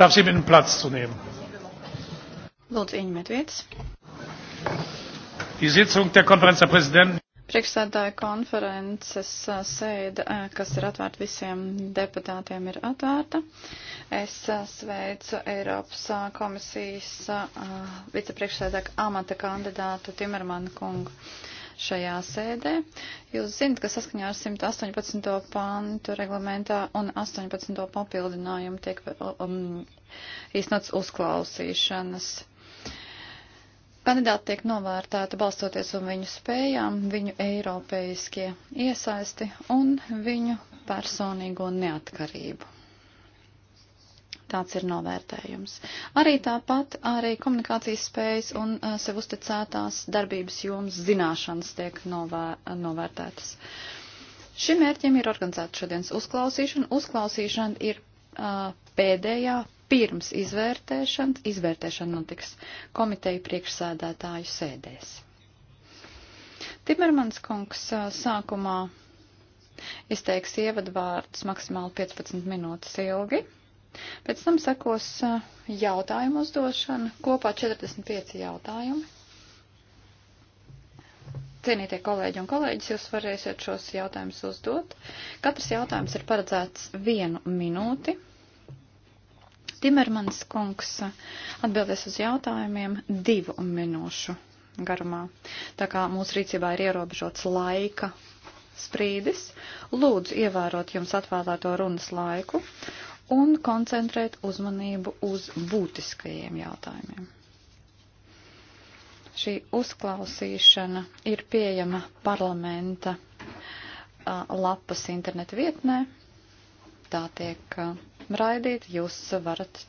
darf Sie bitten, Platz zu nehmen. Lūdzu, ieņemiet vietas. Die Sitzung der Konferenz der Präsidenten. Priekšsēdāja konferences sēde, kas ir atvērta visiem deputātiem, ir atvērta. Es sveicu Eiropas komisijas vicepriekšsēdāja amata kandidātu Timermanu kungu šajā sēdē. Jūs zinat, ka saskaņā ar 118. pāntu reglamentā un 18. papildinājumu tiek um, īstenots uzklausīšanas. Kandidāti tiek novērtēti balstoties uz viņu spējām, viņu eiropeiskie iesaisti un viņu personīgo neatkarību. Tāds ir novērtējums. Arī tāpat arī komunikācijas spējas un uh, sev uzticētās darbības jomas zināšanas tiek novē, uh, novērtētas. Šim mērķim ir organizēta šodienas uzklausīšana. Uzklausīšana ir uh, pēdējā pirms izvērtēšanas. Izvērtēšana notiks komiteju priekšsēdētāju sēdēs. Timermans kungs uh, sākumā izteiks ievadvārdus maksimāli 15 minūtes ilgi. Pēc tam sekos eh, jautājumu uzdošana, kopā 45 jautājumi. Cienītie kolēģi un kolēģis, jūs varēsiet šos jautājumus uzdot. Katrs jautājums ir paredzēts vienu minūti. Timermans kungs atbildēs uz jautājumiem divu minūšu garumā. Tā kā mūsu rīcībā ir ierobežots laika sprīdis, lūdzu ievērot jums atvēlēto runas laiku un koncentrēt uzmanību uz būtiskajiem jautājumiem. Šī uzklausīšana ir pieejama parlamenta lapas interneta vietnē. Tā tiek raidīta, jūs varat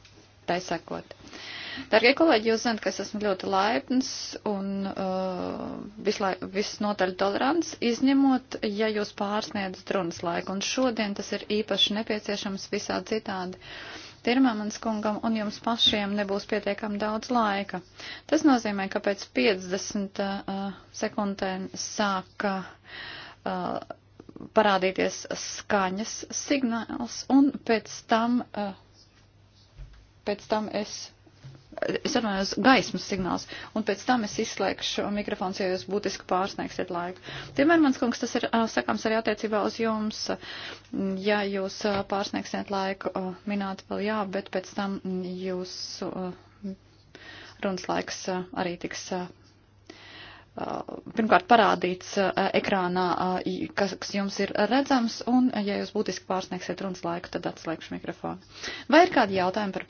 tai sekot. Uh, Dargie kolēģi, jūs zināt, ka es esmu ļoti laipns un uh, vislai, visnotaļ tolerants, izņemot, ja jūs pārsniedzat runas laiku. Un šodien tas ir īpaši nepieciešams visā citādi. Tirmamans kungam un jums pašiem nebūs pietiekami daudz laika. Tas nozīmē, ka pēc 50 uh, sekundēm sāka uh, parādīties skaņas signāls un pēc tam, uh, pēc tam es es runāju gaismas signāls, un pēc tam es izslēgšu mikrofons, ja jūs būtiski pārsniegsiet laiku. Timermans kungs, tas ir sakāms arī attiecībā uz jums, ja jūs pārsniegsiet laiku, minēt vēl jā, bet pēc tam jūs runas laiks arī tiks pirmkārt parādīts ekrānā, kas, kas jums ir redzams, un ja jūs būtiski pārsniegsiet runas laiku, tad atslēgšu mikrofonu. Vai ir kādi jautājumi par